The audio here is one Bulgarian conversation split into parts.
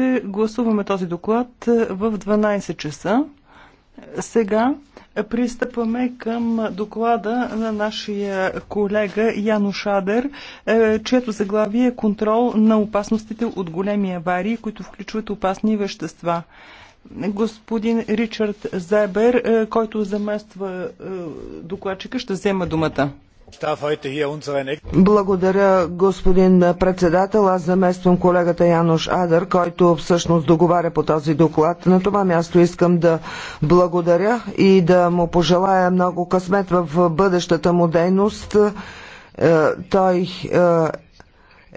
ще гласуваме този доклад е, в 12 часа. Сега пристъпваме към доклада на нашия колега Яно Шадер, е, чието заглавие е контрол на опасностите от големи аварии, които включват опасни вещества. Господин Ричард Зебер, е, който замества докладчика, ще взема думата. Благодаря, господин председател. Аз замествам колегата Янош Адър, който всъщност договаря по този доклад. На това място искам да благодаря и да му пожелая много късмет в бъдещата му дейност. Е, той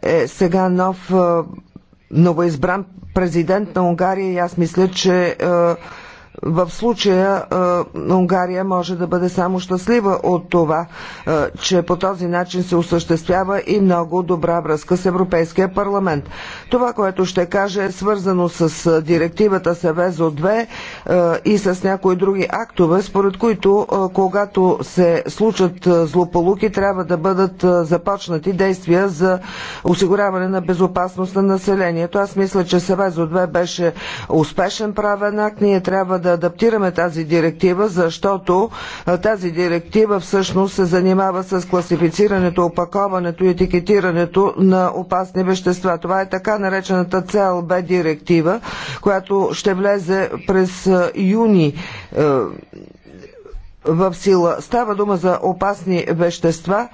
е, е сега нов е, новоизбран президент на Унгария и аз мисля, че в случая Унгария може да бъде само щастлива от това, че по този начин се осъществява и много добра връзка с Европейския парламент. Това, което ще кажа е свързано с директивата Севезо 2 и с някои други актове, според които когато се случат злополуки, трябва да бъдат започнати действия за осигуряване на безопасност на населението. Аз мисля, че Севезо 2 беше успешен правен акт. Ние трябва да адаптираме тази директива, защото тази директива всъщност се занимава с класифицирането, опаковането и етикетирането на опасни вещества. Това е така наречената ЦЛБ директива, която ще влезе през юни в сила. Става дума за опасни вещества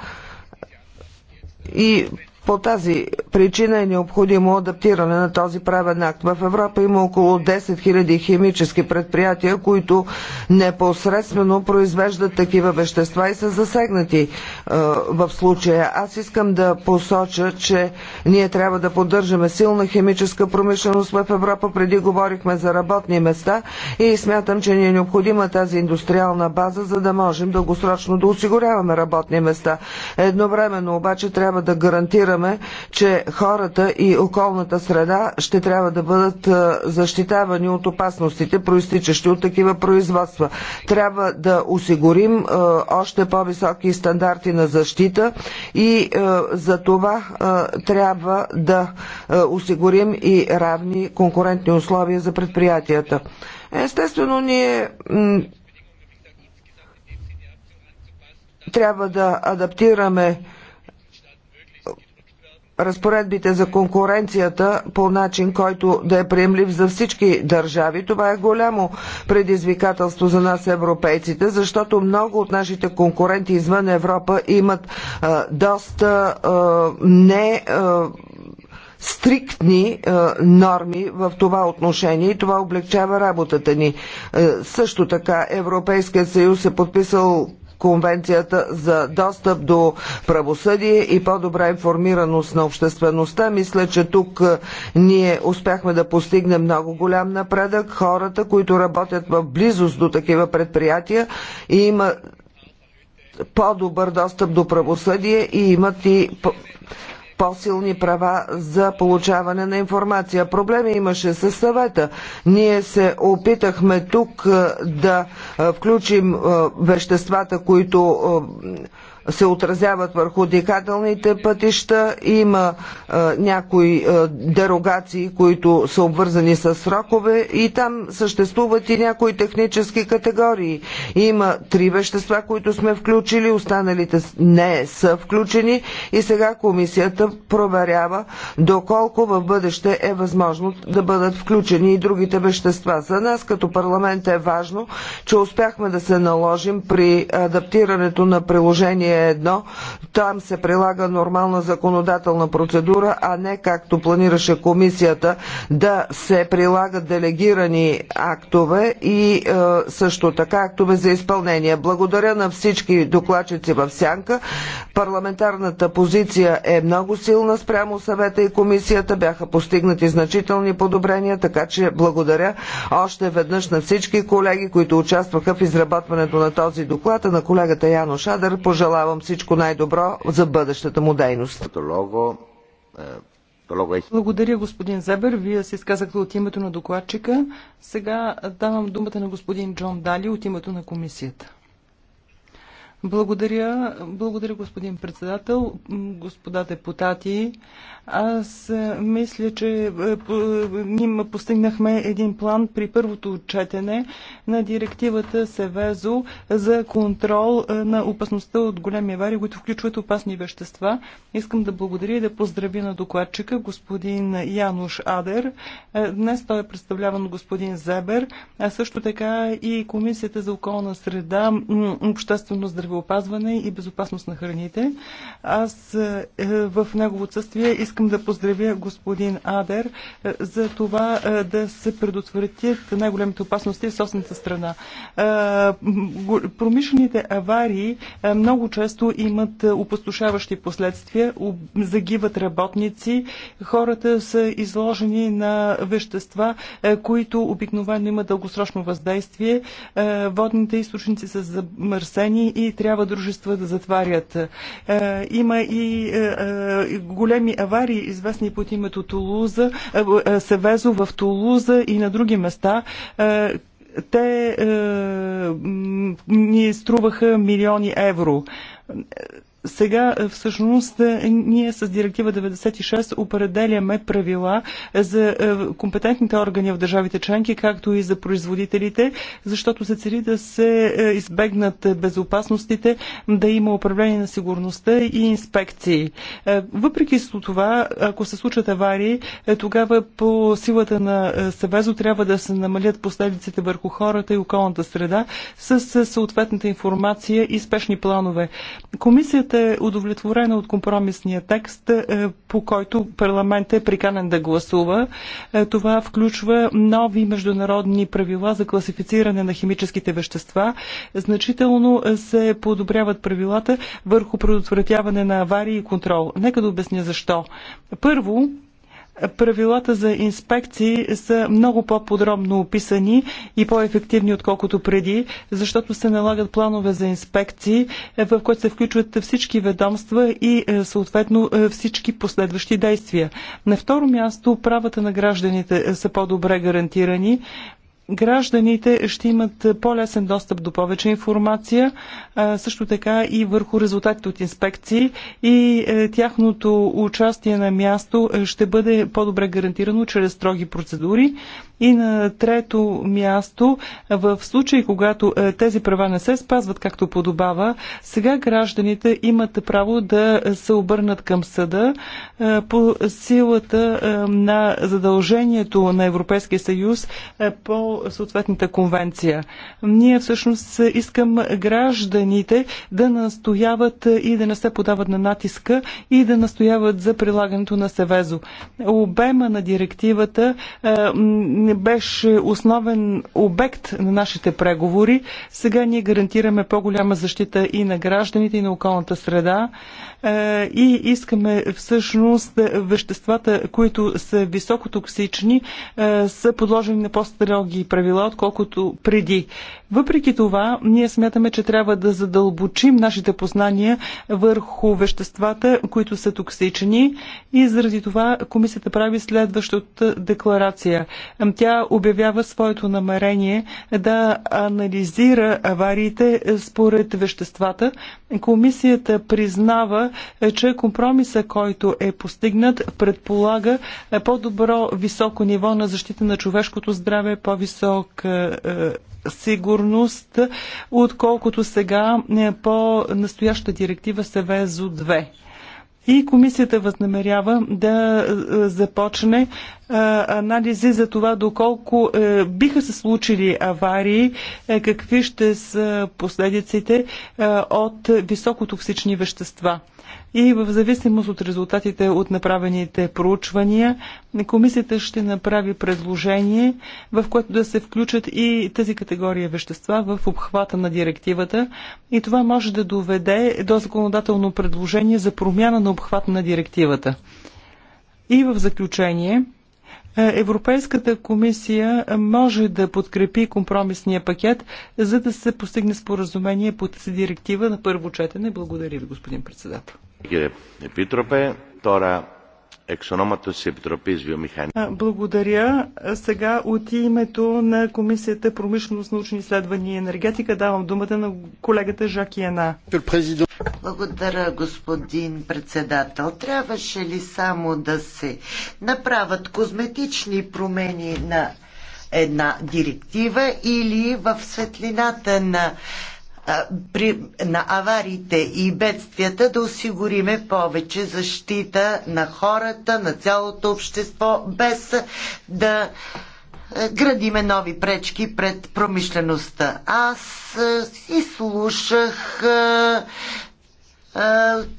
и по тази причина е необходимо адаптиране на този правен акт. В Европа има около 10 000 химически предприятия, които непосредствено произвеждат такива вещества и са засегнати е, в случая. Аз искам да посоча, че ние трябва да поддържаме силна химическа промишленост в Европа. Преди говорихме за работни места и смятам, че ни е необходима тази индустриална база, за да можем дългосрочно да осигуряваме работни места. Едновременно обаче трябва да гарантираме разбираме, че хората и околната среда ще трябва да бъдат защитавани от опасностите, проистичащи от такива производства. Трябва да осигурим още по-високи стандарти на защита и за това трябва да осигурим и равни конкурентни условия за предприятията. Естествено, ние трябва да адаптираме разпоредбите за конкуренцията по начин, който да е приемлив за всички държави. Това е голямо предизвикателство за нас европейците, защото много от нашите конкуренти извън Европа имат а, доста а, не. А, стриктни е, норми в това отношение и това облегчава работата ни. Е, също така Европейският съюз е подписал Конвенцията за достъп до правосъдие и по-добра информираност на обществеността. Мисля, че тук е, ние успяхме да постигнем много голям напредък. Хората, които работят в близост до такива предприятия и имат по-добър достъп до правосъдие и имат и по-силни права за получаване на информация. Проблеми имаше с съвета. Ние се опитахме тук да включим веществата, които се отразяват върху дикателните пътища. Има а, е, някои а, е, дерогации, които са обвързани с срокове и там съществуват и някои технически категории. Има три вещества, които сме включили, останалите не са включени и сега комисията проверява доколко в бъдеще е възможно да бъдат включени и другите вещества. За нас като парламент е важно, че успяхме да се наложим при адаптирането на приложение приложение 1, там се прилага нормална законодателна процедура, а не както планираше комисията да се прилагат делегирани актове и е, също така актове за изпълнение. Благодаря на всички докладчици в Сянка. Парламентарната позиция е много силна спрямо съвета и комисията. Бяха постигнати значителни подобрения, така че благодаря още веднъж на всички колеги, които участваха в изработването на този доклад, а на колегата Яно Шадър пожелавам пожелавам всичко най-добро за бъдещата му дейност. Е, е- благодаря, господин Зебер. Вие се изказахте от името на докладчика. Сега давам думата на господин Джон Дали от името на комисията. Благодаря, благодаря господин председател, господа депутати. Аз е, мисля, че е, е, ние постигнахме един план при първото четене на директивата Севезо за контрол на опасността от големи аварии, които включват опасни вещества. Искам да благодаря и да поздравя на докладчика господин Януш Адер. Днес той е представляван господин Зебер, а също така и Комисията за околна среда, обществено здравеопазване и безопасност на храните. Аз в негово отсъствие искам Искам да поздравя господин Адер е, за това е, да се предотвратят най-големите опасности в собствената страна. Е, промишлените аварии много често имат опустошаващи последствия, загиват работници, хората са изложени на вещества, които обикновено имат дългосрочно въздействие, водните източници са замърсени и трябва дружества да затварят. Има и големи аварии, пивовари, известни под името Тулуза, е, е, Севезо в Тулуза и на други места, е, те ни струваха милиони евро сега е, всъщност е, ние с директива 96 определяме правила за е, компетентните органи в държавите членки, както и за производителите, защото се цели да се избегнат безопасностите, да има управление на сигурността и инспекции. Въпреки с това, ако се случат аварии, тогава по силата на Съвезо трябва да се намалят последиците върху хората и околната среда с съответната информация и спешни планове. Комисията комисията е удовлетворена от компромисния текст, е, по който парламентът е приканен да гласува. Е, това включва нови международни правила за класифициране на химическите вещества. Значително се подобряват правилата върху предотвратяване на аварии и контрол. Нека да обясня защо. Първо, Правилата за инспекции са много по-подробно описани и по-ефективни отколкото преди, защото се налагат планове за инспекции, е, в които се включват всички ведомства и е, съответно е, всички последващи действия. На второ място правата на гражданите са по-добре гарантирани гражданите ще имат по-лесен достъп до повече информация, също така и върху резултатите от инспекции и е, тяхното участие на място е, ще бъде по-добре гарантирано чрез строги процедури. И на трето място, в случай, когато е, тези права не се спазват както подобава, сега гражданите имат право да се обърнат към съда е, по силата е, на задължението на Европейския съюз по съответната конвенция. Ние всъщност искам гражданите да настояват и да не се подават на натиска и да настояват за прилагането на Севезо. Обема на директивата беше основен обект на нашите преговори. Сега ние гарантираме по-голяма защита и на гражданите, и на околната среда. Е, и искаме всъщност веществата, които са високотоксични, е, са подложени на по-строги правила, отколкото преди. Въпреки това, ние смятаме, че трябва да задълбочим нашите познания върху веществата, които са токсични и заради това комисията прави следващата декларация тя обявява своето намерение да анализира авариите според веществата. Комисията признава, че компромиса, който е постигнат, предполага по-добро високо ниво на защита на човешкото здраве, по-висок е, сигурност, отколкото сега е, по настояща директива свезо 2. И комисията възнамерява да е, започне е, анализи за това доколко е, биха се случили аварии, какви ще са последиците от високотоксични вещества и в зависимост от резултатите от направените проучвания, комисията ще направи предложение, в което да се включат и тази категория вещества в обхвата на директивата и това може да доведе до законодателно предложение за промяна на обхвата на директивата. И в заключение, е, Европейската комисия може да подкрепи компромисния пакет, за да се постигне споразумение по тази директива на първо четене. Благодаря ви, господин председател. Епитропе, благодаря. Сега от името на Комисията промишленост, научни изследвания и енергетика давам думата на колегата Жак Яна. Благодаря, господин председател. Трябваше ли само да се направят козметични промени на една директива или в светлината на при, на авариите и бедствията да осигуриме повече защита на хората, на цялото общество, без да градиме нови пречки пред промишлеността. Аз слушах,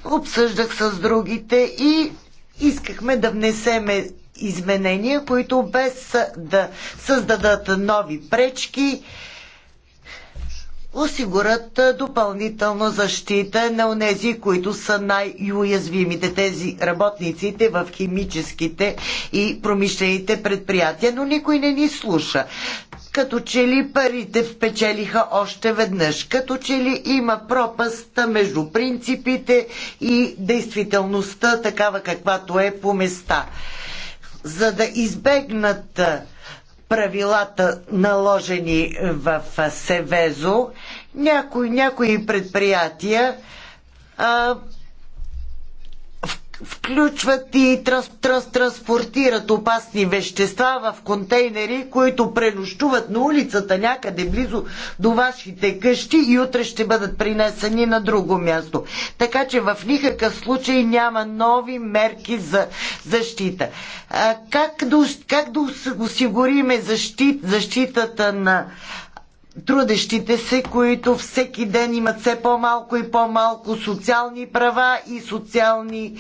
обсъждах с другите и искахме да внесеме изменения, които без да създадат нови пречки, осигурят допълнително защита на онези, които са най-уязвимите, тези работниците в химическите и промишлените предприятия, но никой не ни слуша. Като че ли парите впечелиха още веднъж, като че ли има пропаст между принципите и действителността, такава каквато е по места. За да избегнат правилата наложени в Севезо, някои, някои предприятия а, включват и транс, транс, транспортират опасни вещества в контейнери, които пренощуват на улицата някъде близо до вашите къщи и утре ще бъдат принесени на друго място. Така че в никакъв случай няма нови мерки за защита. А, как да, как да осигуриме защит, защитата на трудещите се, които всеки ден имат все по-малко и по-малко социални права и социални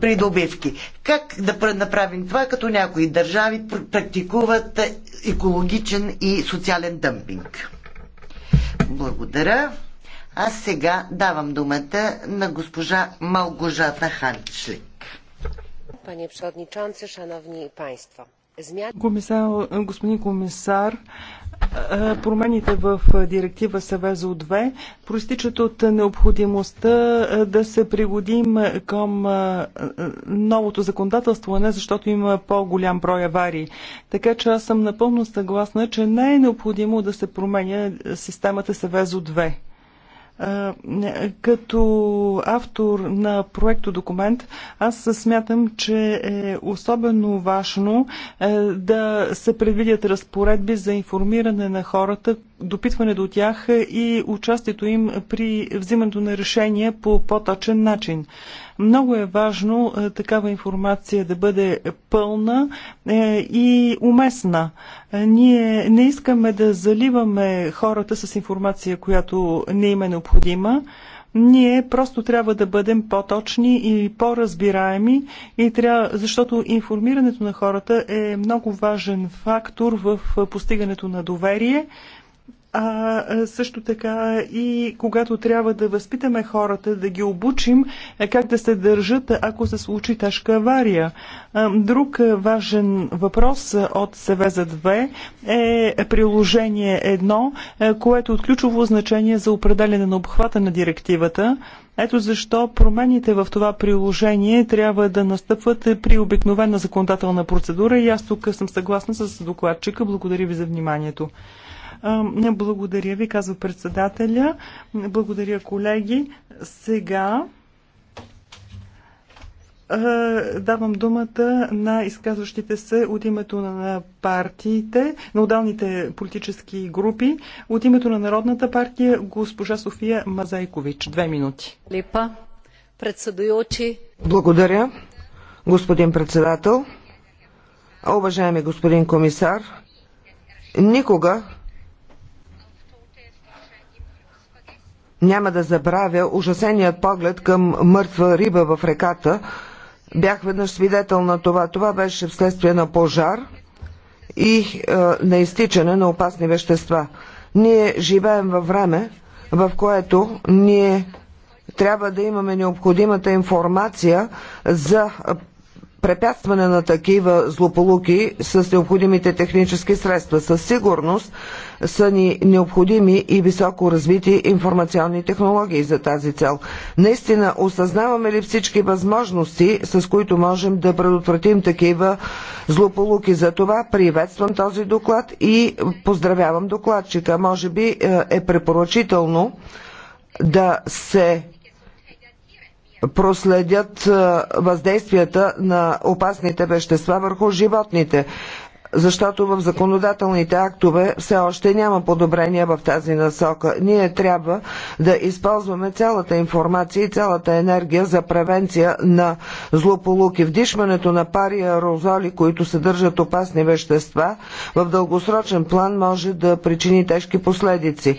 придобивки. Как да направим това, като някои държави практикуват екологичен и социален дъмпинг? Благодаря. А сега давам думата на госпожа Малгожата Ханчлик. Panie Przewodniczący, Szanowni Państwo. Комисар, е, господин комисар, е, промените в директива Севезо 2 проистичат от необходимостта е, да се пригодим към новото законодателство, а не защото има по-голям брой аварии. Така че аз съм напълно съгласна, че не е необходимо да се променя системата Севезо 2. Като автор на проекто документ, аз смятам, че е особено важно е, да се предвидят разпоредби за информиране на хората, допитване до тях и участието им при взимането на решения по по-точен начин. Много е важно е, такава информация да бъде пълна е, и уместна. Е, ние не искаме да заливаме хората с информация, която не им е необходима. Ние просто трябва да бъдем по-точни и по-разбираеми, и трябва, защото информирането на хората е много важен фактор в постигането на доверие а също така и когато трябва да възпитаме хората, да ги обучим е, как да се държат, ако се случи тежка авария. Друг важен въпрос от Севеза 2 е приложение 1, е, което е от ключово значение за определене на обхвата на директивата. Ето защо промените в това приложение трябва да настъпват при обикновена законодателна процедура и аз тук съм съгласна с докладчика. Благодаря ви за вниманието. Не Благодаря ви, казва председателя. Благодаря, колеги. Сега давам думата на изказващите се от името на партиите, на отдалните политически групи. От името на Народната партия госпожа София Мазайкович. Две минути. Липа, председуючи. Благодаря, господин председател. Уважаеми господин комисар, никога няма да забравя ужасеният поглед към мъртва риба в реката. Бях веднъж свидетел на това. Това беше вследствие на пожар и е, на изтичане на опасни вещества. Ние живеем във време, в което ние трябва да имаме необходимата информация за препятстване на такива злополуки с необходимите технически средства. Със сигурност са ни необходими и високо развити информационни технологии за тази цел. Наистина, осъзнаваме ли всички възможности, с които можем да предотвратим такива злополуки? За това приветствам този доклад и поздравявам докладчика. Може би е, е препоръчително да се проследят въздействията на опасните вещества върху животните защото в законодателните актове все още няма подобрения в тази насока. Ние трябва да използваме цялата информация и цялата енергия за превенция на злополуки. Вдишването на пари и аерозоли, които съдържат опасни вещества, в дългосрочен план може да причини тежки последици.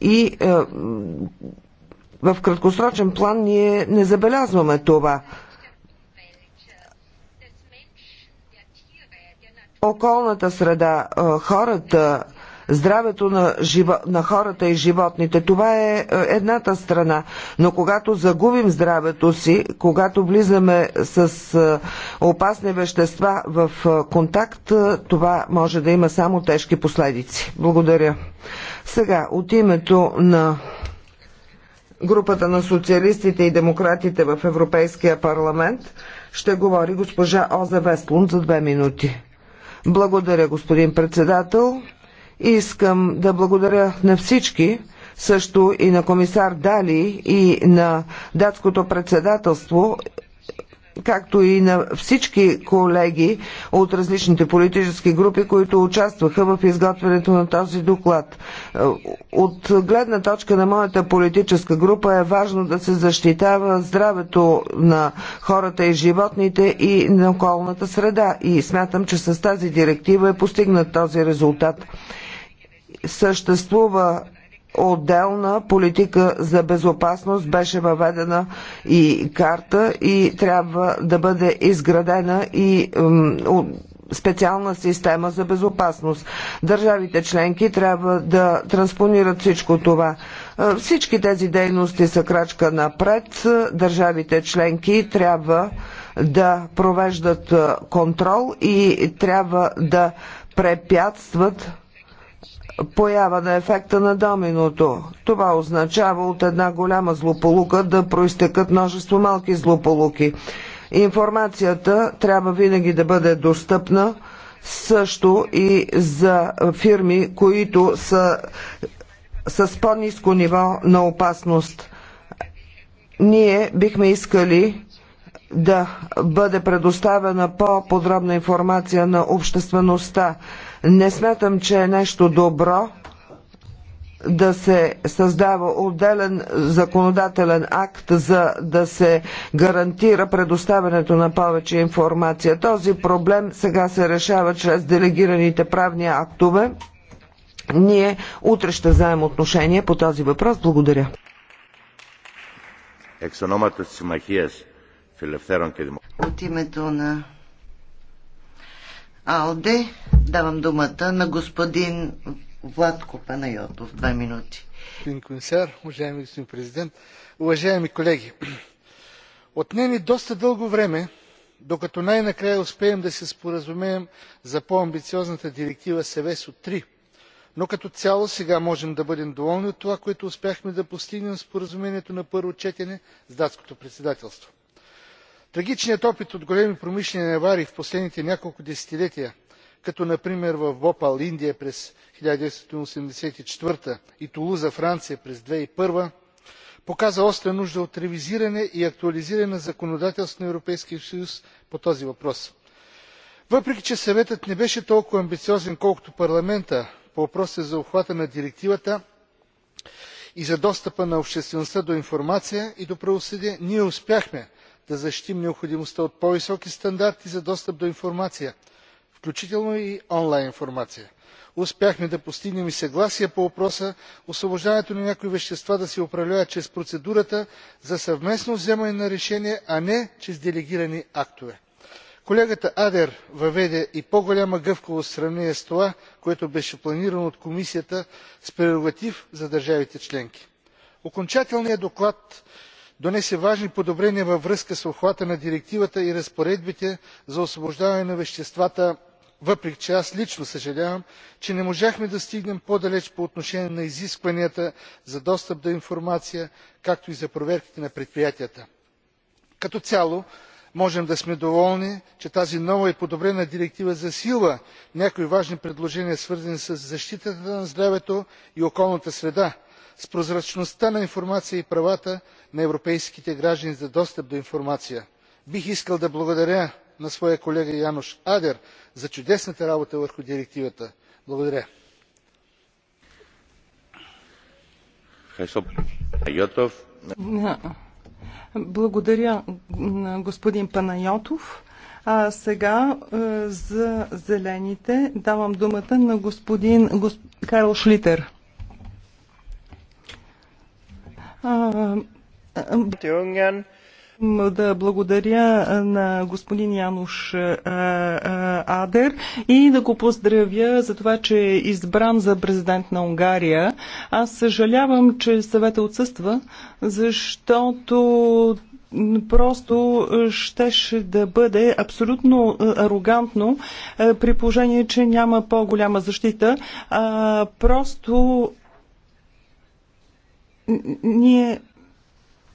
И е, в краткосрочен план ние не забелязваме това. Околната среда, хората, здравето на, живо, на хората и животните. Това е едната страна. Но когато загубим здравето си, когато влизаме с опасни вещества в контакт, това може да има само тежки последици. Благодаря. Сега, от името на групата на социалистите и демократите в Европейския парламент ще говори госпожа Оза Веслун за две минути. Благодаря, господин председател. Искам да благодаря на всички, също и на комисар Дали и на датското председателство както и на всички колеги от различните политически групи, които участваха в изготвянето на този доклад. От гледна точка на моята политическа група е важно да се защитава здравето на хората и животните и на околната среда. И смятам, че с тази директива е постигнат този резултат. Съществува отделна политика за безопасност беше въведена и карта и трябва да бъде изградена и специална система за безопасност. Държавите членки трябва да транспонират всичко това. Всички тези дейности са крачка напред. Държавите членки трябва да провеждат контрол и трябва да препятстват поява на ефекта на доминото. Това означава от една голяма злополука да проистекат множество малки злополуки. Информацията трябва винаги да бъде достъпна също и за фирми, които са с по-низко ниво на опасност. Ние бихме искали да бъде предоставена по-подробна информация на обществеността. Не смятам, че е нещо добро да се създава отделен законодателен акт, за да се гарантира предоставянето на повече информация. Този проблем сега се решава чрез делегираните правни актове. Ние утре ще вземем отношение по този въпрос. Благодаря. От името на Алде. Давам думата на господин Владко Панайотов. Две минути. Господин комисар, уважаеми господин президент, уважаеми колеги, отнеми доста дълго време, докато най-накрая успеем да се споразумеем за по-амбициозната директива от 3. Но като цяло сега можем да бъдем доволни от това, което успяхме да постигнем в споразумението на първо четене с датското председателство трагичният опит от големи промишлени аварии в последните няколко десетилетия като например в бхопал индия през 1984 и тулуза франция през 2001, хиляди показа остра нужда от ревизиране и актуализиране на законодателството на европейския съюз по този въпрос. въпреки че съветът не беше толкова амбициозен колкото парламентът по въпроса за обхвата на директивата и за достъпа на обществеността до информация и до правосъдие ние успяхме да защитим необходимостта от по високи стандарти за достъп до информация включително и онлайн информация. успяхме да постигнем и съгласие по въпроса освобождаването на някои вещества да се управлява чрез процедурата за съвместно вземане на решение а не чрез делегирани актове. колегата адер въведе и по голяма гъвкавост в сравнение с това което беше планирано от комисията с прерогатив за държавите членки. окончателният доклад донесе важни подобрения във връзка с обхвата на директивата и разпоредбите за освобождаване на веществата въпреки че аз лично съжалявам че не можахме да стигнем по далеч по отношение на изискванията за достъп до информация както и за проверките на предприятията. като цяло можем да сме доволни че тази нова и подобрена директива засилва някои важни предложения свързани със защитата на здравето и околната среда с прозрачността на информацията и правата на европейските граждани за достъп до информация. бих искал да благодаря на своя колега янош адер за чудесната работа върху директивата. благодаря. Благодаря, на господин Панайотов. А сега е, за зелените давам думата на господин Карл Шлитер. Да благодаря на господин Януш Адер и да го поздравя за това, че е избран за президент на Унгария. Аз съжалявам, че съвета отсъства, защото просто щеше да бъде абсолютно арогантно при положение, че няма по-голяма защита. Просто ние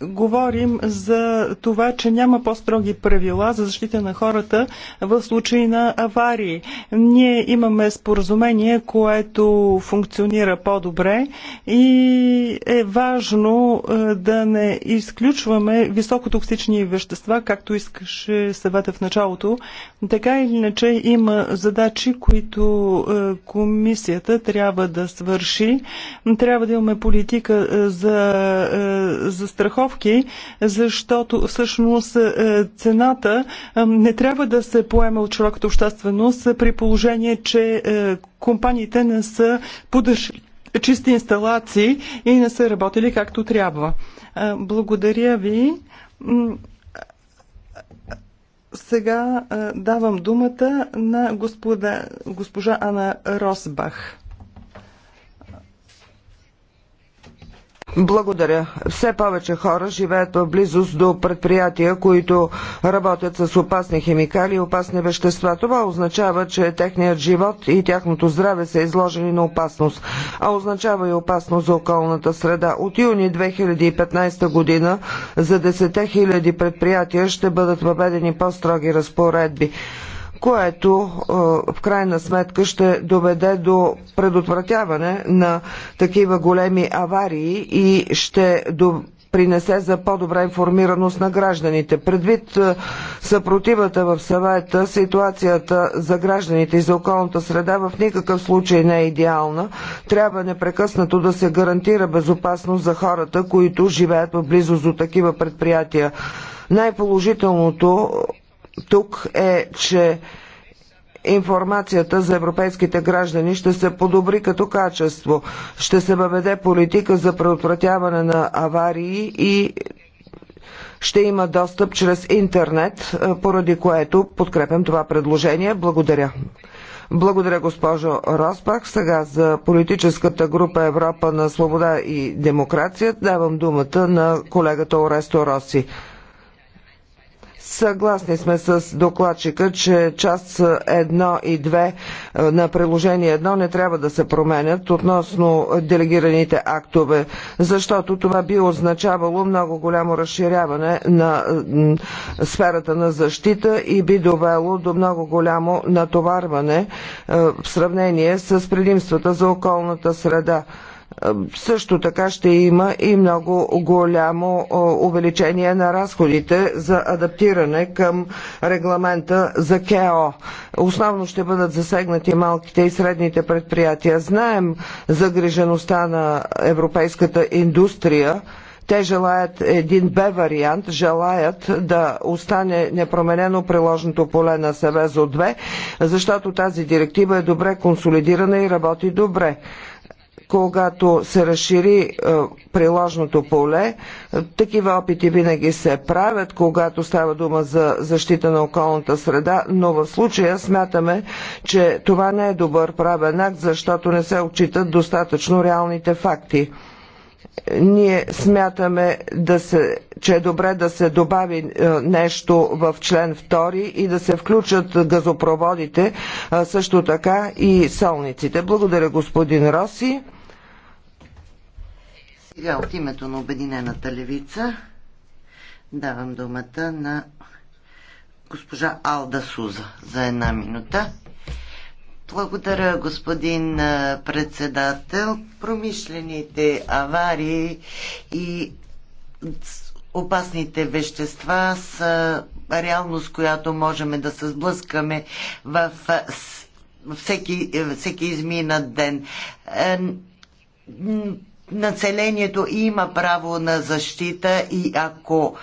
говорим за това, че няма по-строги правила за защита на хората в случай на аварии. Ние имаме споразумение, което функционира по-добре и е важно е, да не изключваме високотоксични вещества, както искаше съвета в началото. Така или иначе има задачи, които е, комисията трябва да свърши. Трябва да имаме политика е, за, за страховка застраховки, защото всъщност е, цената е, не трябва да се поема от широката общественост при положение, че е, компаниите не са поддържали чисти инсталации и не са работили както трябва. Благодаря ви. Сега давам думата на господа, госпожа Ана Росбах. Благодаря. Все повече хора живеят в близост до предприятия, които работят с опасни химикали и опасни вещества. Това означава, че техният живот и тяхното здраве са изложени на опасност, а означава и опасност за околната среда. От юни 2015 година за 10 000 предприятия ще бъдат въведени по-строги разпоредби което е, в крайна сметка ще доведе до предотвратяване на такива големи аварии и ще до принесе за по-добра информираност на гражданите. Предвид е, съпротивата в съвета, ситуацията за гражданите и за околната среда в никакъв случай не е идеална. Трябва непрекъснато да се гарантира безопасност за хората, които живеят в близост до такива предприятия. Най-положителното тук е, че информацията за европейските граждани ще се подобри като качество. Ще се въведе политика за предотвратяване на аварии и ще има достъп чрез интернет, е, поради което подкрепям това предложение. Благодаря. Благодаря, госпожо Роспах. Сега за политическата група Европа на свобода и демокрация давам думата на колегата Оресто Роси. Съгласни сме с докладчика, че част 1 и 2 е, на приложение 1 не трябва да се променят относно делегираните актове, защото това би означавало много голямо разширяване на сферата на защита и би довело до много голямо натоварване е, в сравнение с предимствата за околната среда. Е, също така ще има и много голямо е, увеличение на разходите за адаптиране към регламента за КЕО. Основно ще бъдат засегнати малките и средните предприятия. Знаем загрижеността на европейската индустрия. Те желаят един Б вариант, желаят да остане непроменено приложното поле на Севезо 2, защото тази директива е добре консолидирана и работи добре когато се разшири е, приложното поле. Е, такива опити винаги се правят, когато става дума за защита на околната среда, но в случая смятаме, че това не е добър правен акт, защото не се отчитат достатъчно реалните факти ние смятаме, да се, че е добре да се добави е, нещо в член 2 и да се включат газопроводите, също така и солниците. Благодаря господин Роси. Сега от името на Обединената левица давам думата на госпожа Алда Суза за една минута. Благодаря, господин председател. Промишлените аварии и опасните вещества са реалност, която можем да се сблъскаме в всеки, всеки изминат ден е, населението има право на защита и ако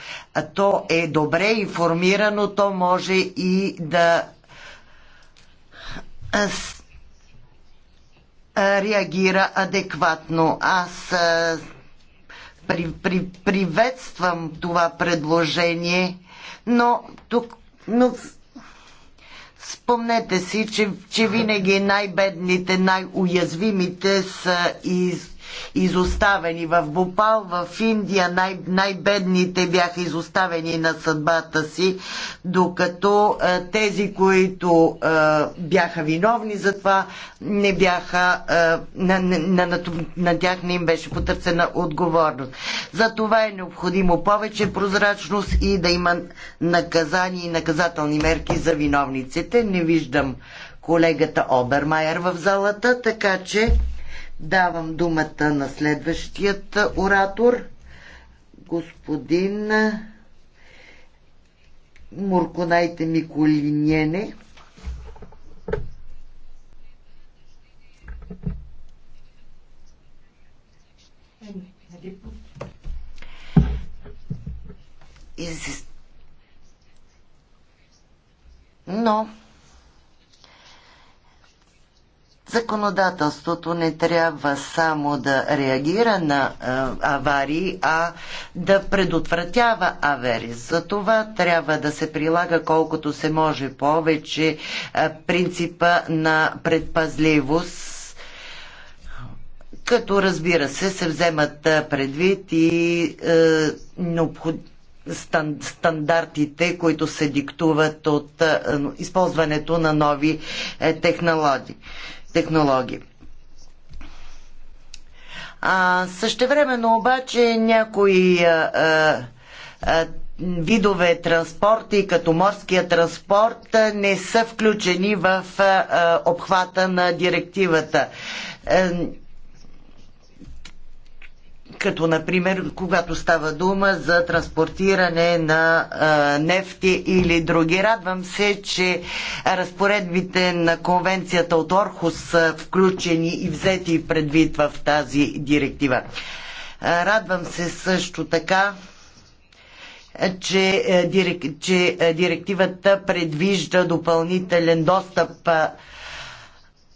то е добре информирано, то може и да реагира адекватно. Аз при, при, приветствам това предложение, но тук. Но Спомнете си, че, че винаги най-бедните, най-уязвимите са из, изоставени. В Бопал, в Индия най- най-бедните бяха изоставени на съдбата си, докато е, тези, които е, бяха виновни за това, не бяха, е, на, на, на, на, на тях не им беше потърсена отговорност. За това е необходимо повече прозрачност и да има наказания и наказателни мерки за виновниците. Не виждам колегата Обермайер в залата, така че Давам думата на следващият оратор, господин Мурконайте Миколинене. Но Законодателството не трябва само да реагира на аварии, а да предотвратява авери. За това трябва да се прилага колкото се може повече принципа на предпазливост като разбира се се вземат предвид и е, необход... стан... стандартите, които се диктуват от е, използването на нови е, технологии технологии. А, същевременно обаче някои а, а, видове транспорти, като морския транспорт, не са включени в а, обхвата на директивата. Е, като например, когато става дума за транспортиране на а, нефти или други. Радвам се, че разпоредбите на конвенцията от Орхус са включени и взети предвид в тази директива. радвам се също така, че, че директивата предвижда допълнителен достъп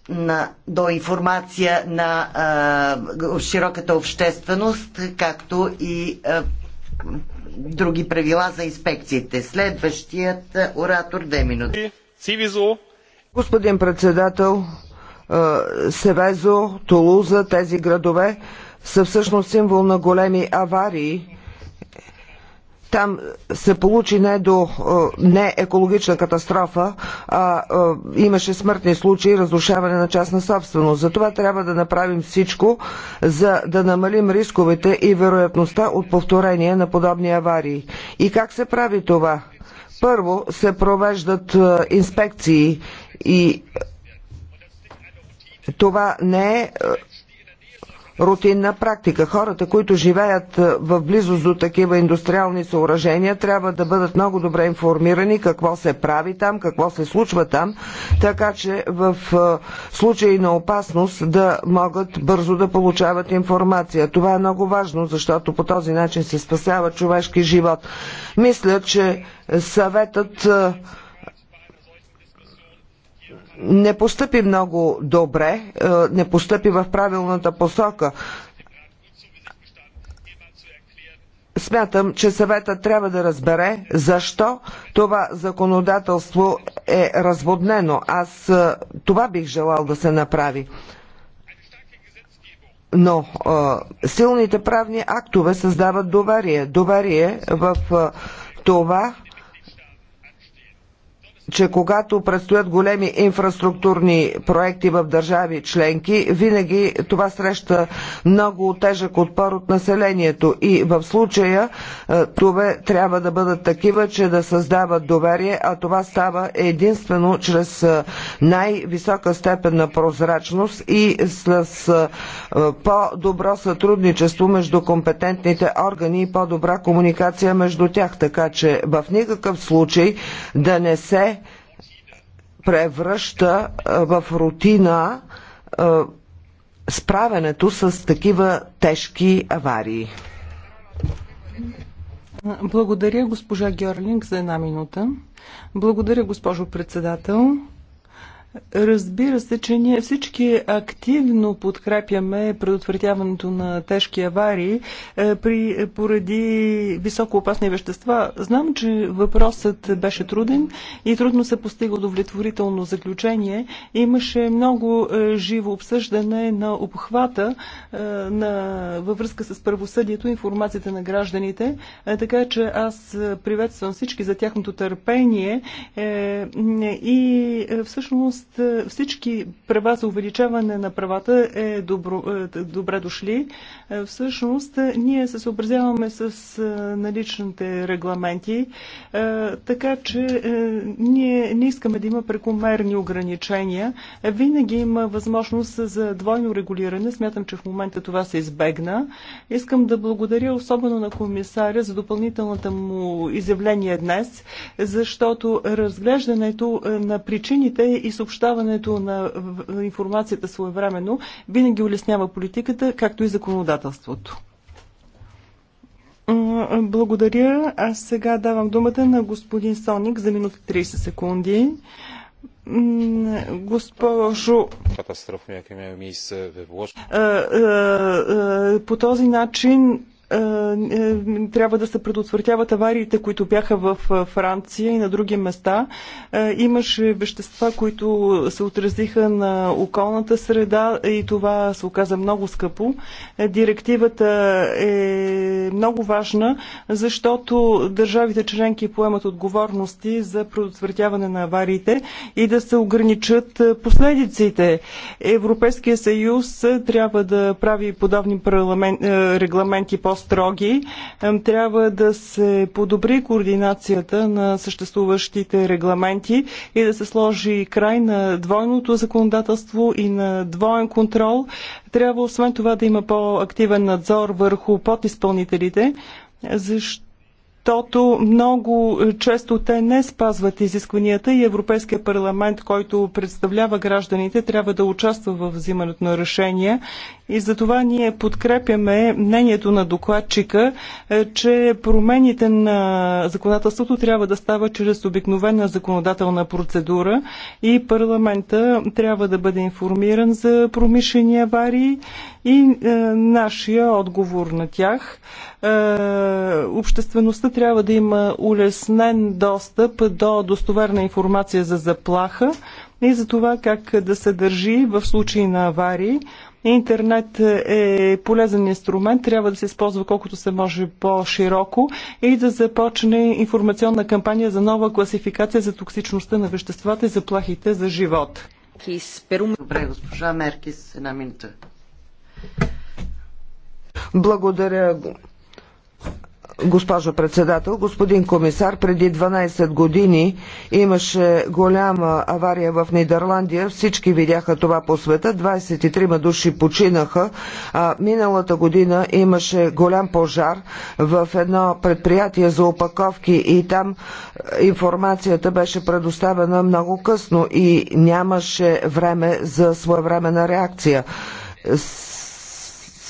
на, до информация на а, широката общественост, както и а, други правила за инспекциите. Следващият оратор, две минути. Господин председател, Севезо, Тулуза, тези градове са всъщност символ на големи аварии там се получи не до е, не екологична катастрофа, а, а е, имаше смъртни случаи, разрушаване на частна собственост. Затова трябва да направим всичко, за да намалим рисковете и вероятността от повторение на подобни аварии. И как се прави това? Първо се провеждат е, инспекции и това не е рутинна практика. Хората, които живеят е, в близост до такива индустриални съоръжения, трябва да бъдат много добре информирани какво се прави там, какво се случва там, така че в е, случай на опасност да могат бързо да получават информация. Това е много важно, защото по този начин се спасява човешки живот. Мисля, че съветът е, не постъпи много добре, е, не постъпи в правилната посока. Смятам, че съвета трябва да разбере защо това законодателство е разводнено. Аз е, това бих желал да се направи. Но а, е, силните правни актове създават доверие. Доверие в а, това, че когато предстоят големи инфраструктурни проекти в държави членки, винаги това среща много тежък отпор от населението и в случая е, това трябва да бъдат такива, че да създават доверие, а това става единствено чрез е, най-висока степен на прозрачност и с е, по-добро сътрудничество между компетентните органи и по-добра комуникация между тях, така че в никакъв случай да не се превръща в рутина справянето с такива тежки аварии. Благодаря госпожа Георлинг за една минута. Благодаря госпожо председател. Разбира се, че ние всички активно подкрепяме предотвратяването на тежки аварии е, при, поради високо опасни вещества. Знам, че въпросът беше труден и трудно се постига удовлетворително заключение. Имаше много е, живо обсъждане на обхвата е, на, във връзка с правосъдието, информацията на гражданите, така че аз приветствам всички за тяхното търпение и всъщност всъщност е, всички права за увеличаване на правата е добро, е, добре дошли. Е, всъщност ние се съобразяваме с наличните регламенти, така че ние не искаме да има прекомерни ограничения. Винаги има възможност за двойно регулиране. Смятам, че в момента това се избегна. Искам да благодаря особено на комисаря за допълнителната му изявление днес, защото разглеждането на причините и съобщаването на информацията своевременно винаги улеснява политиката, както и законодателството. Благодаря. Аз сега давам думата на господин Соник за минута 30 секунди. Госпожо... Катастрофи, някакви е, е е, По този начин е, е, трябва да се предотвратяват авариите, които бяха в е, Франция и на други места. Имаше вещества, които се отразиха на околната среда и това се оказа много скъпо. Директивата е много важна, защото държавите членки поемат отговорности за предотвратяване на авариите и да се ограничат последиците. Европейския съюз трябва да прави подобни регламенти по по-строги. Трябва да се подобри координацията на съществуващите регламенти и да се сложи край на двойното законодателство и на двоен контрол. Трябва освен това да има по-активен надзор върху подизпълнителите, защото защото много често те не спазват изискванията и Европейския парламент, който представлява гражданите, трябва да участва в взимането на решения. И за това ние подкрепяме мнението на докладчика, е, че промените на законодателството трябва да става чрез обикновена законодателна процедура и парламента трябва да бъде информиран за промишлени аварии и е, нашия отговор на тях. Е, обществеността трябва да има улеснен достъп до достоверна информация за заплаха и за това как да се държи в случай на аварии. Интернет е полезен инструмент, трябва да се използва колкото се може по-широко и да започне информационна кампания за нова класификация за токсичността на веществата и заплахите за живот. Добре, госпожа Меркис, една минута. Благодаря, госпожо председател. Господин комисар, преди 12 години имаше голяма авария в Нидерландия. Всички видяха това по света. 23 души починаха. А миналата година имаше голям пожар в едно предприятие за опаковки и там е, информацията беше предоставена много късно и нямаше време за своевременна реакция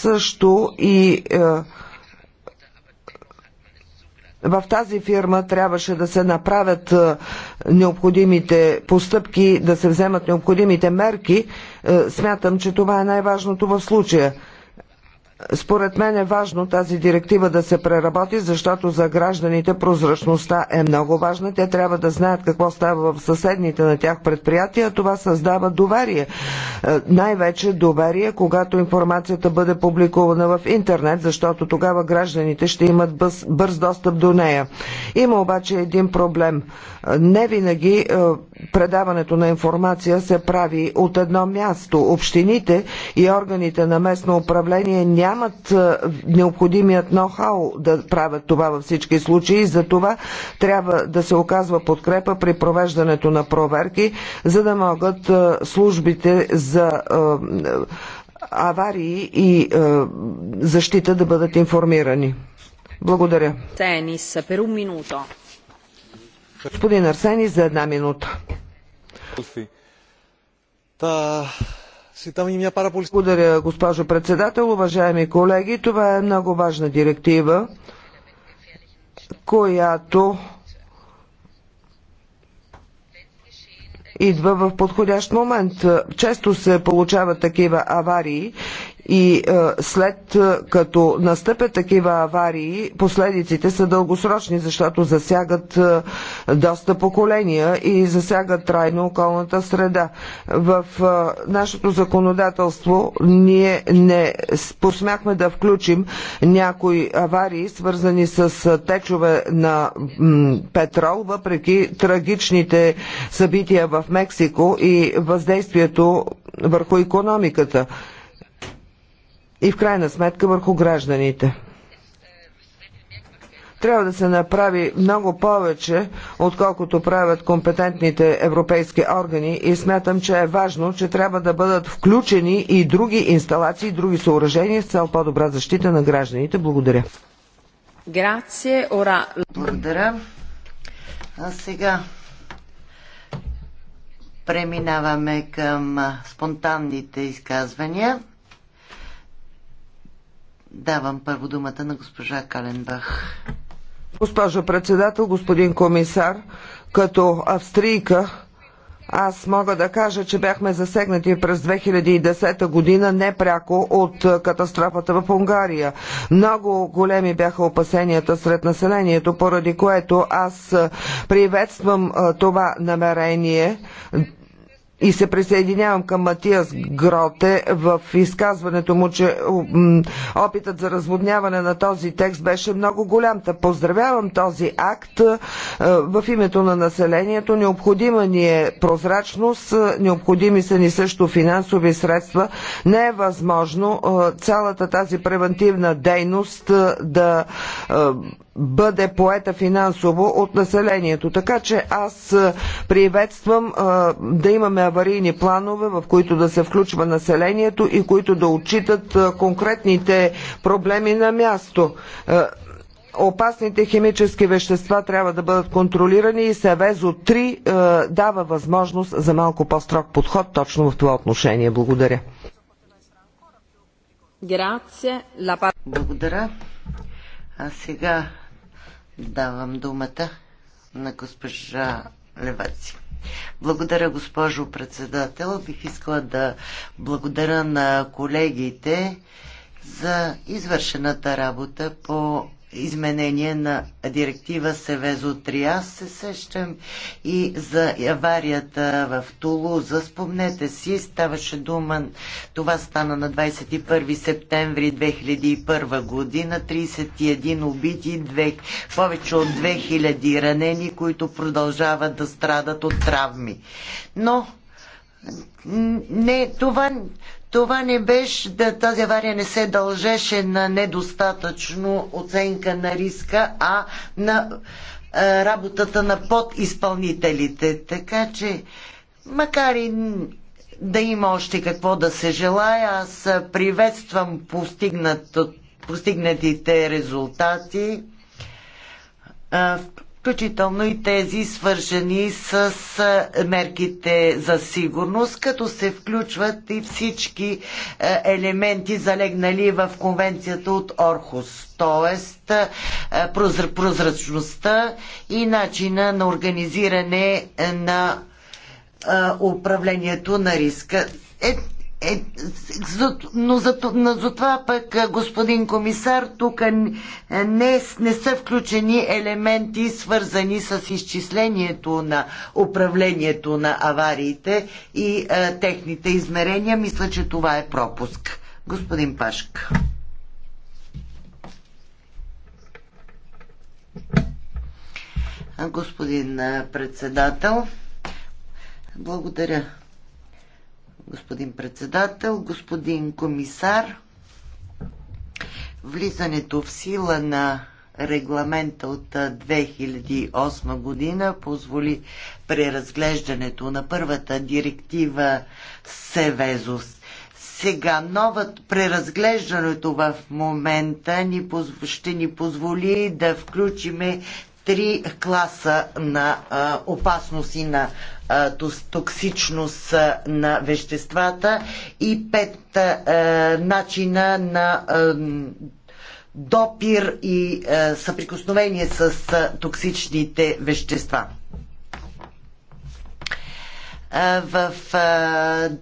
също и е, в тази фирма трябваше да се направят е, необходимите постъпки, да се вземат необходимите мерки. Е, смятам, че това е най-важното в случая. Според мен е важно тази директива да се преработи, защото за гражданите прозрачността е много важна. Те трябва да знаят какво става в съседните на тях предприятия. Това създава доверие. Е, най-вече доверие, когато информацията бъде публикувана в интернет, защото тогава гражданите ще имат бърз, бърз достъп до нея. Има обаче един проблем. Е, не винаги е, предаването на информация се прави от едно място. Общините и органите на местно управление няма нямат е, необходимият ноу-хау да правят това във всички случаи. За това трябва да се оказва подкрепа при провеждането на проверки, за да могат е, службите за е, аварии и защита да бъдат информирани. Благодаря. Тенис, per un minuto. Господин Арсени, за една минута. Та, благодаря, госпожо председател. Уважаеми колеги, това е много важна директива, която идва в подходящ момент. Често се получават такива аварии и е, след е, като настъпят такива аварии, последиците са дългосрочни, защото засягат е, доста поколения и засягат трайно околната среда. В нашето законодателство ние не посмяхме да включим някои аварии, свързани с течове на петрол, въпреки трагичните събития в Мексико и въздействието върху економиката и в крайна сметка върху гражданите. Трябва да се направи много повече, отколкото правят компетентните европейски органи и смятам, че е важно, че трябва да бъдат включени и други инсталации, други съоръжения с цел по-добра защита на гражданите. Благодаря. Благодаря. А сега преминаваме към спонтанните изказвания. Давам първо думата на госпожа Каленбах. Госпожо председател, господин комисар, като австрийка, аз мога да кажа, че бяхме засегнати през 2010 година непряко от катастрофата в Унгария. Много големи бяха опасенията сред населението, поради което аз приветствам това намерение и се присъединявам към Матиас Гроте в изказването му, че опитът за разводняване на този текст беше много голям. Та поздравявам този акт е, в името на населението. Необходима ни е прозрачност, е, необходими са ни също финансови средства. Не е възможно е, цялата тази превентивна дейност да бъде поета финансово от населението. Така че аз е, приветствам е, да имаме аварийни планове, в които да се включва населението и които да отчитат е, конкретните проблеми на място. опасните химически вещества трябва да бъдат контролирани и Севезо 3 дава възможност за малко по-строг подход точно в това отношение. Благодаря. Благодаря. А сега Давам думата на госпожа Леваци. Благодаря, госпожо председател. Бих искала да благодаря на колегите за извършената работа по изменение на директива Севезо 3. Аз се сещам и за аварията в Тулуза. Спомнете си, ставаше дума, това стана на 21 септември 2001 година, 31 убити, 2, повече от 2000 ранени, които продължават да страдат от травми. Но не, това, това не беше, да, тази авария не се дължеше на недостатъчно оценка на риска, а на а, работата на подизпълнителите. Така че, макар и да има още какво да се желая, аз приветствам постигнат, постигнатите резултати. А, включително и тези свършени с мерките за сигурност, като се включват и всички е, елементи залегнали в конвенцията от Орхус, т.е. прозрачността и начина на организиране на е, управлението на риска. Е, е, но за, но за това пък, господин комисар, тук не, не са включени елементи, свързани с изчислението на управлението на авариите и е, техните измерения. Мисля, че това е пропуск. Господин Пашк. Господин председател, благодаря господин председател, господин комисар. Влизането в сила на регламента от 2008 година позволи преразглеждането на първата директива Севезус. Сега новът преразглеждането в момента ни, ще ни позволи да включиме три класа на а, опасност и на токсичност на веществата и пет а, начина на а, допир и а, съприкосновение с а, токсичните вещества. В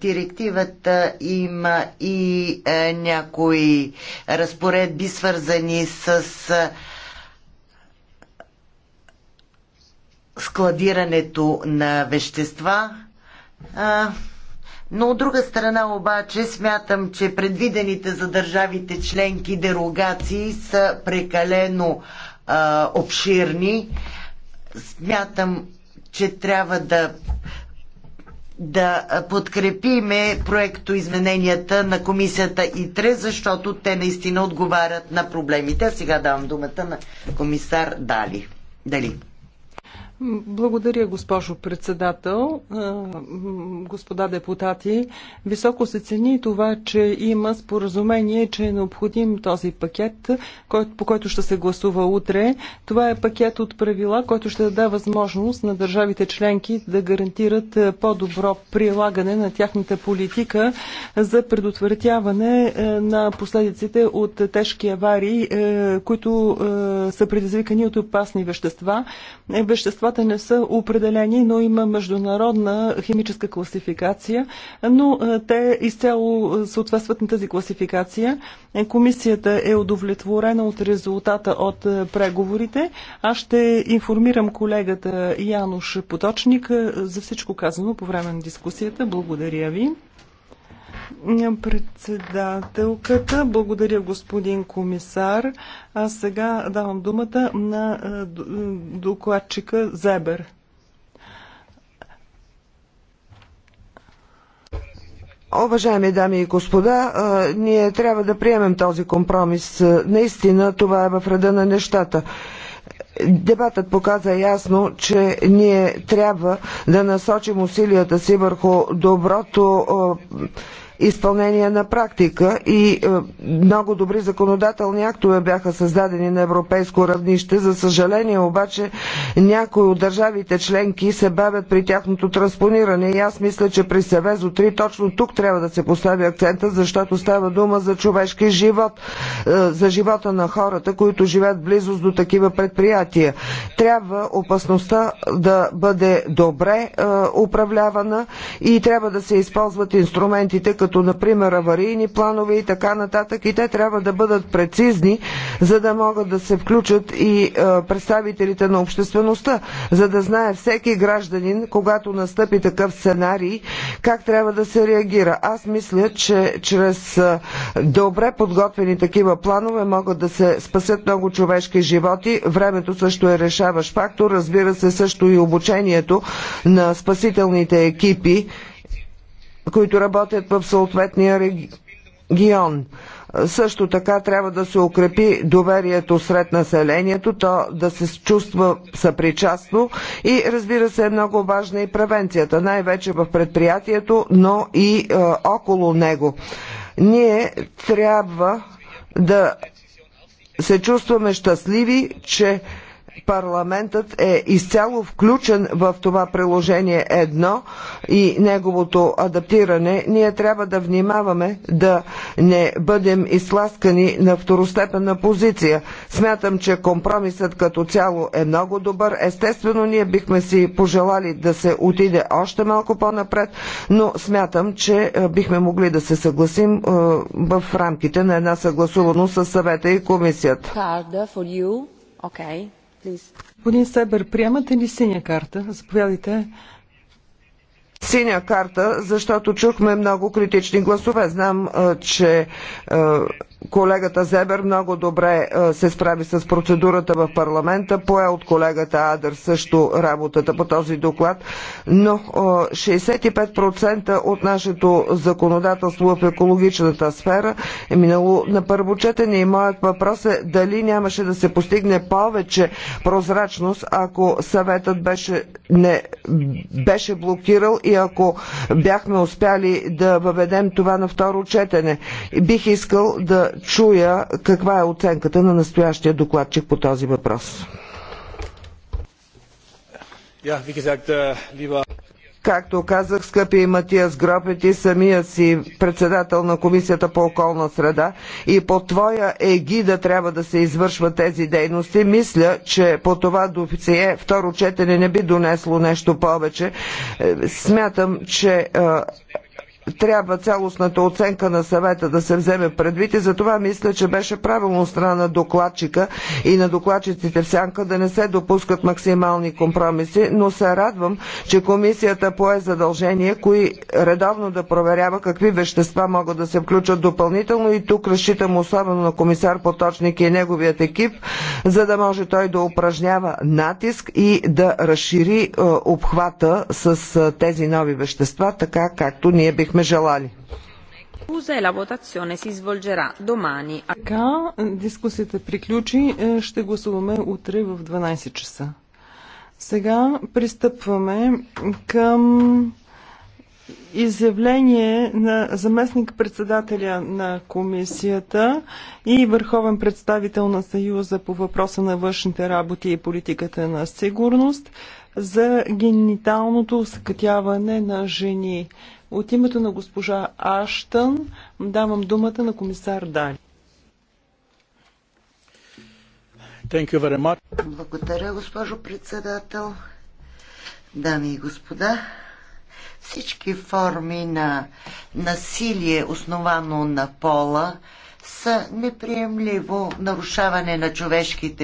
директивата има и някои разпоредби, свързани с складирането на вещества. А, но от друга страна обаче смятам, че предвидените за държавите членки дерогации са прекалено а, обширни. Смятам, че трябва да да подкрепиме проекто измененията на комисията ИТРЕ, защото те наистина отговарят на проблемите. А сега давам думата на комисар Дали. Дали. Благодаря, госпожо председател. Господа депутати, високо се цени това, че има споразумение, че е необходим този пакет, по който ще се гласува утре. Това е пакет от правила, който ще даде възможност на държавите членки да гарантират по-добро прилагане на тяхната политика за предотвратяване на последиците от тежки аварии, които са предизвикани от опасни вещества. Вещества веществата не са определени, но има международна химическа класификация, но те изцяло съответстват на тази класификация. Комисията е удовлетворена от резултата от преговорите. Аз ще информирам колегата Януш Поточник за всичко казано по време на дискусията. Благодаря ви. Председателката, благодаря господин комисар. А сега давам думата на докладчика Зебер. Уважаеми дами и господа, ние трябва да приемем този компромис. Наистина това е в реда на нещата. Дебатът показа ясно, че ние трябва да насочим усилията си върху доброто изпълнение на практика и е, много добри законодателни актове бяха създадени на европейско равнище. За съжаление обаче някои от държавите членки се бавят при тяхното транспониране и аз мисля, че при Севезо 3 точно тук трябва да се постави акцента, защото става дума за човешки живот, е, за живота на хората, които живеят близост до такива предприятия. Трябва опасността да бъде добре е, управлявана и трябва да се използват инструментите, като например аварийни планове и така нататък. И те трябва да бъдат прецизни, за да могат да се включат и е, представителите на обществеността, за да знае всеки гражданин, когато настъпи такъв сценарий, как трябва да се реагира. Аз мисля, че чрез е, добре подготвени такива планове могат да се спасят много човешки животи. Времето също е решаващ фактор, разбира се също и обучението на спасителните екипи които работят в съответния регион. Също така трябва да се укрепи доверието сред населението, то да се чувства съпричастно и разбира се е много важна и превенцията, най-вече в предприятието, но и е, около него. Ние трябва да се чувстваме щастливи, че парламентът е изцяло включен в това приложение едно и неговото адаптиране, ние трябва да внимаваме да не бъдем изтласкани на второстепенна позиция. Смятам, че компромисът като цяло е много добър. Естествено, ние бихме си пожелали да се отиде още малко по-напред, но смятам, че е, бихме могли да се съгласим е, в рамките на една съгласуваност с съвета и комисията. Okay. Господин Себер, приемате ли синя карта? Заповядайте синя карта, защото чухме много критични гласове. Знам, че колегата Зебер много добре се справи с процедурата в парламента, пое от колегата Адър също работата по този доклад, но 65% от нашето законодателство в екологичната сфера е минало на първо четене и моят въпрос е дали нямаше да се постигне повече прозрачност, ако съветът беше, не беше блокирал и ако бяхме успяли да въведем това на второ четене. Бих искал да чуя каква е оценката на настоящия докладчик по този въпрос. Äh, Както казах, скъпи Матиас Гропет и самия си председател на Комисията по околна среда и по твоя егида трябва да се извършват тези дейности, мисля, че по това дофицие второ четене не би донесло нещо повече. Е, смятам, че е, трябва цялостната оценка на съвета да се вземе предвид и затова мисля, че беше правилно страна на докладчика и на докладчиците в сянка да не се допускат максимални компромиси, но се радвам, че комисията пое задължение, кои редовно да проверява какви вещества могат да се включат допълнително и тук разчитам особено на комисар Поточник и неговият екип, за да може той да упражнява натиск и да разшири е, обхвата с е, тези нови вещества, така както ние бихме бихме желали. Е, така, дискусията приключи. Е, ще гласуваме утре в 12 часа. Сега пристъпваме към изявление на заместник-председателя на комисията и върховен представител на Съюза по въпроса на външните работи и политиката на сигурност за гениталното съкътяване на жени. От името на госпожа Аштън давам думата на комисар Дали. Благодаря, госпожо председател. Дами и господа, всички форми на насилие, основано на пола, са неприемливо нарушаване на човешките